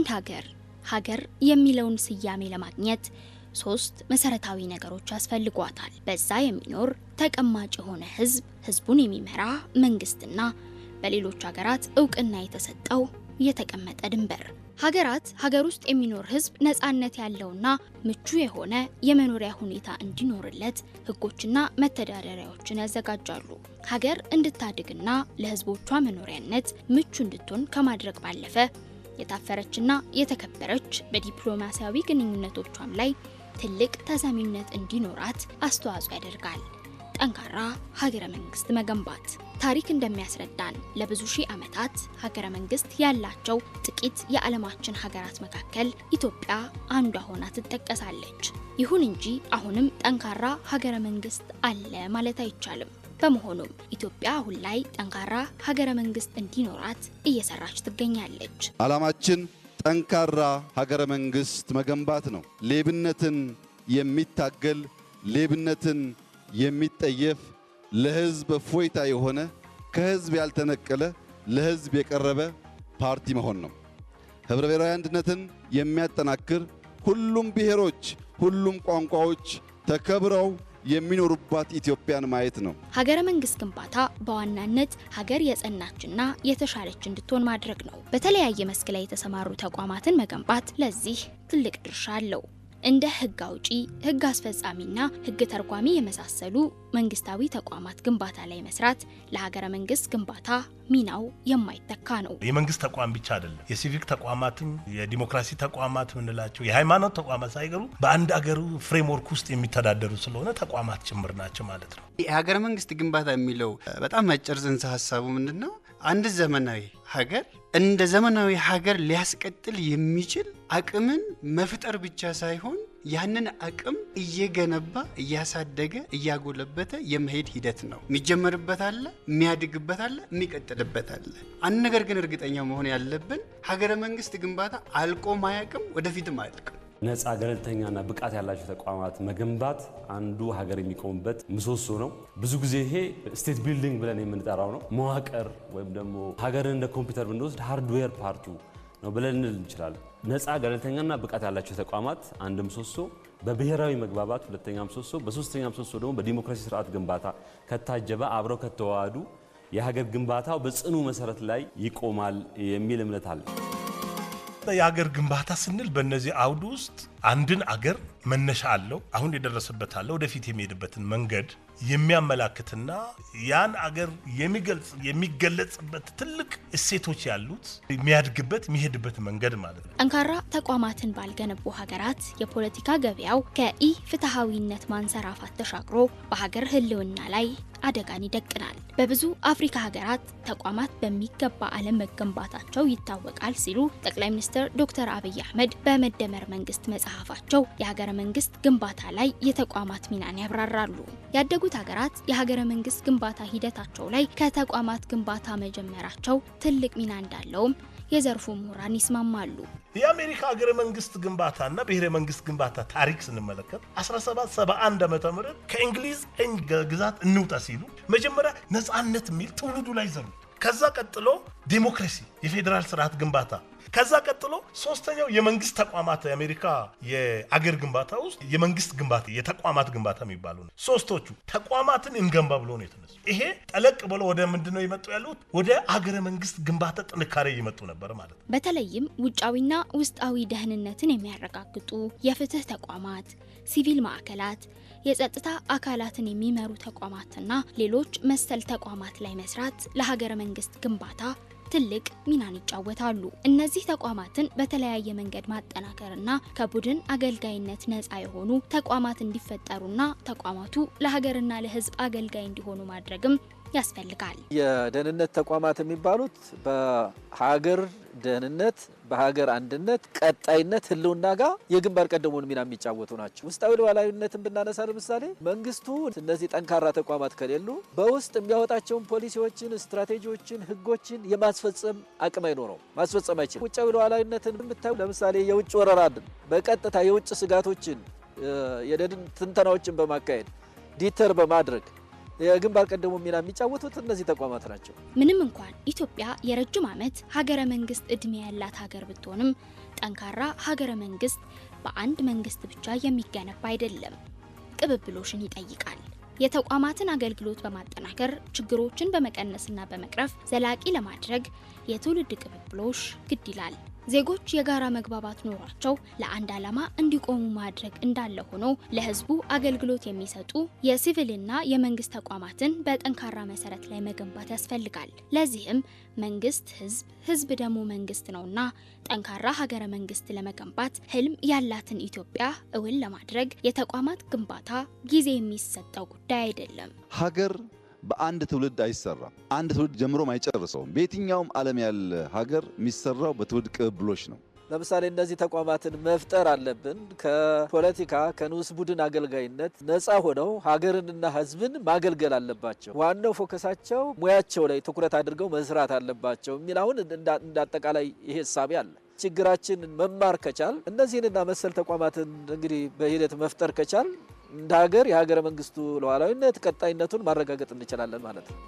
አንድ ሀገር ሀገር የሚለውን ስያሜ ለማግኘት ሶስት መሰረታዊ ነገሮች ያስፈልጓታል። በዛ የሚኖር ተቀማጭ የሆነ ህዝብ፣ ህዝቡን የሚመራ መንግስትና በሌሎች ሀገራት እውቅና የተሰጠው የተቀመጠ ድንበር። ሀገራት ሀገር ውስጥ የሚኖር ህዝብ ነጻነት ያለውና ምቹ የሆነ የመኖሪያ ሁኔታ እንዲኖርለት ህጎችና መተዳደሪያዎችን ያዘጋጃሉ። ሀገር እንድታድግና ለህዝቦቿ መኖሪያነት ምቹ እንድትሆን ከማድረግ ባለፈ የታፈረችና የተከበረች በዲፕሎማሲያዊ ግንኙነቶቿም ላይ ትልቅ ተሰሚነት እንዲኖራት አስተዋጽኦ ያደርጋል። ጠንካራ ሀገረ መንግስት መገንባት ታሪክ እንደሚያስረዳን ለብዙ ሺህ ዓመታት ሀገረ መንግስት ያላቸው ጥቂት የዓለማችን ሀገራት መካከል ኢትዮጵያ አንዷ ሆና ትጠቀሳለች። ይሁን እንጂ አሁንም ጠንካራ ሀገረ መንግስት አለ ማለት አይቻልም። በመሆኑም ኢትዮጵያ አሁን ላይ ጠንካራ ሀገረ መንግስት እንዲኖራት እየሰራች ትገኛለች። አላማችን ጠንካራ ሀገረ መንግስት መገንባት ነው። ሌብነትን የሚታገል ሌብነትን የሚጠየፍ ለህዝብ እፎይታ የሆነ ከህዝብ ያልተነቀለ ለህዝብ የቀረበ ፓርቲ መሆን ነው። ህብረ ብሔራዊ አንድነትን የሚያጠናክር ሁሉም ብሔሮች፣ ሁሉም ቋንቋዎች ተከብረው የሚኖሩባት ኢትዮጵያን ማየት ነው። ሀገረ መንግስት ግንባታ በዋናነት ሀገር የጸናችና የተሻለች እንድትሆን ማድረግ ነው። በተለያየ መስክ ላይ የተሰማሩ ተቋማትን መገንባት ለዚህ ትልቅ ድርሻ አለው። እንደ ህግ አውጪ፣ ህግ አስፈጻሚና ህግ ተርጓሚ የመሳሰሉ መንግስታዊ ተቋማት ግንባታ ላይ መስራት ለሀገረ መንግስት ግንባታ ሚናው የማይተካ ነው። የመንግስት ተቋም ብቻ አይደለም፣ የሲቪክ ተቋማትም፣ የዲሞክራሲ ተቋማት ምንላቸው፣ የሃይማኖት ተቋማት ሳይገሩ በአንድ አገሩ ፍሬምወርክ ውስጥ የሚተዳደሩ ስለሆነ ተቋማት ጭምር ናቸው ማለት ነው። የሀገረ መንግስት ግንባታ የሚለው በጣም አጭር ጽንሰ ሀሳቡ ምንድን ነው? አንድ ዘመናዊ ሀገር እንደ ዘመናዊ ሀገር ሊያስቀጥል የሚችል አቅምን መፍጠር ብቻ ሳይሆን ያንን አቅም እየገነባ እያሳደገ እያጎለበተ የመሄድ ሂደት ነው። የሚጀመርበት አለ፣ የሚያድግበት አለ፣ የሚቀጥልበት አለ። አንድ ነገር ግን እርግጠኛ መሆን ያለብን ሀገረ መንግስት ግንባታ አልቆ ማያቅም፣ ወደፊትም አያልቅም። ነፃ ገለልተኛና ብቃት ያላቸው ተቋማት መገንባት አንዱ ሀገር የሚቆምበት ምሰሶ ነው። ብዙ ጊዜ ይሄ ስቴት ቢልዲንግ ብለን የምንጠራው ነው። መዋቅር ወይም ደግሞ ሀገርን እንደ ኮምፒውተር ብንወስድ ሃርድዌር ፓርቱ ነው ብለን እንል እንችላለን። ነፃ ገለልተኛና ብቃት ያላቸው ተቋማት አንድ ምሰሶ፣ በብሔራዊ መግባባት ሁለተኛ ምሰሶ፣ በሶስተኛ ምሰሶ ደግሞ በዲሞክራሲ ስርዓት ግንባታ ከታጀበ አብረው ከተዋሃዱ የሀገር ግንባታው በጽኑ መሰረት ላይ ይቆማል የሚል እምነት አለ። የአገር ግንባታ ስንል በእነዚህ አውድ ውስጥ አንድን አገር መነሻ አለው አሁን የደረሰበት አለ ወደፊት የሚሄድበትን መንገድ የሚያመላክትና ያን አገር የሚገልጽ የሚገለጽበት ትልቅ እሴቶች ያሉት የሚያድግበት የሚሄድበት መንገድ ማለት ነው። ጠንካራ ተቋማትን ባልገነቡ ሀገራት የፖለቲካ ገበያው ከኢ ፍትሐዊነት ማንሰራፋት ተሻግሮ በሀገር ሕልውና ላይ አደጋን ይደቅናል። በብዙ አፍሪካ ሀገራት ተቋማት በሚገባ አለመገንባታቸው ይታወቃል ሲሉ ጠቅላይ ሚኒስትር ዶክተር አብይ አህመድ በመደመር መንግስት መጽሐፍ መጽሐፋቸው የሀገረ መንግስት ግንባታ ላይ የተቋማት ሚናን ያብራራሉ። ያደጉት ሀገራት የሀገረ መንግስት ግንባታ ሂደታቸው ላይ ከተቋማት ግንባታ መጀመራቸው ትልቅ ሚና እንዳለውም የዘርፉ ምሁራን ይስማማሉ። የአሜሪካ ሀገረ መንግስት ግንባታና ብሔረ መንግስት ግንባታ ታሪክ ስንመለከት 1771 ዓ ም ከእንግሊዝ ግዛት እንውጣ ሲሉ መጀመሪያ ነፃነት የሚል ትውልዱ ላይ ዘሩ። ከዛ ቀጥሎ ዲሞክራሲ፣ የፌዴራል ስርዓት ግንባታ ከዛ ቀጥሎ ሶስተኛው የመንግስት ተቋማት የአሜሪካ የአገር ግንባታ ውስጥ የመንግስት ግንባታ የተቋማት ግንባታ የሚባሉ ነው። ሶስቶቹ ተቋማትን እንገንባ ብሎ ነው የተነሱ። ይሄ ጠለቅ ብሎ ወደ ምንድን ነው የመጡ ያሉት? ወደ አገረ መንግስት ግንባታ ጥንካሬ እየመጡ ነበር ማለት ነው። በተለይም ውጫዊና ውስጣዊ ደህንነትን የሚያረጋግጡ የፍትህ ተቋማት፣ ሲቪል ማዕከላት የጸጥታ አካላትን የሚመሩ ተቋማትና ሌሎች መሰል ተቋማት ላይ መስራት ለሀገረ መንግስት ግንባታ ትልቅ ሚናን ይጫወታሉ። እነዚህ ተቋማትን በተለያየ መንገድ ማጠናከርና ከቡድን አገልጋይነት ነጻ የሆኑ ተቋማት እንዲፈጠሩና ተቋማቱ ለሀገርና ለሕዝብ አገልጋይ እንዲሆኑ ማድረግም ያስፈልጋል። የደህንነት ተቋማት የሚባሉት በሀገር ደህንነት፣ በሀገር አንድነት፣ ቀጣይነት፣ ህልውና ጋር የግንባር ቀደሙን ሚና የሚጫወቱ ናቸው። ውስጣዊ ሉዓላዊነትን ብናነሳ ለምሳሌ መንግስቱ እነዚህ ጠንካራ ተቋማት ከሌሉ በውስጥ የሚያወጣቸውን ፖሊሲዎችን፣ ስትራቴጂዎችን፣ ህጎችን የማስፈጸም አቅም አይኖረው፣ ማስፈጸም አይችልም። ውጫዊ ሉዓላዊነትን የምታዩ ለምሳሌ የውጭ ወረራን በቀጥታ የውጭ ስጋቶችን የደህንነት ትንተናዎችን በማካሄድ ዲተር በማድረግ የግንባር ቀደሙ ሚና የሚጫወቱት እነዚህ ተቋማት ናቸው። ምንም እንኳን ኢትዮጵያ የረጅም ዓመት ሀገረ መንግስት እድሜ ያላት ሀገር ብትሆንም ጠንካራ ሀገረ መንግስት በአንድ መንግስት ብቻ የሚገነባ አይደለም፣ ቅብብሎሽን ይጠይቃል። የተቋማትን አገልግሎት በማጠናከር ችግሮችን በመቀነስና በመቅረፍ ዘላቂ ለማድረግ የትውልድ ቅብብሎሽ ግድ ይላል። ዜጎች የጋራ መግባባት ኖሯቸው ለአንድ ዓላማ እንዲቆሙ ማድረግ እንዳለ ሆኖ ለሕዝቡ አገልግሎት የሚሰጡ የሲቪልና የመንግስት ተቋማትን በጠንካራ መሰረት ላይ መገንባት ያስፈልጋል። ለዚህም መንግስት ሕዝብ፣ ሕዝብ ደግሞ መንግስት ነውና ጠንካራ ሀገረ መንግስት ለመገንባት ህልም ያላትን ኢትዮጵያ እውን ለማድረግ የተቋማት ግንባታ ጊዜ የሚሰጠው ጉዳይ አይደለም። ሀገር በአንድ ትውልድ አይሰራም። አንድ ትውልድ ጀምሮም አይጨርሰውም። በየትኛውም ዓለም ያለ ሀገር የሚሰራው በትውልድ ቅብብሎች ነው። ለምሳሌ እነዚህ ተቋማትን መፍጠር አለብን። ከፖለቲካ ከንዑስ ቡድን አገልጋይነት ነፃ ሆነው ሀገርንና ሕዝብን ማገልገል አለባቸው። ዋናው ፎከሳቸው ሙያቸው ላይ ትኩረት አድርገው መስራት አለባቸው የሚል አሁን እንዳጠቃላይ ይሄ ሳቢ አለ። ችግራችን መማር ከቻል እነዚህንና መሰል ተቋማትን እንግዲህ በሂደት መፍጠር ከቻል እንደ ሀገር የሀገረ መንግስቱ ለዋላዊነት ቀጣይነቱን ማረጋገጥ እንችላለን ማለት ነው።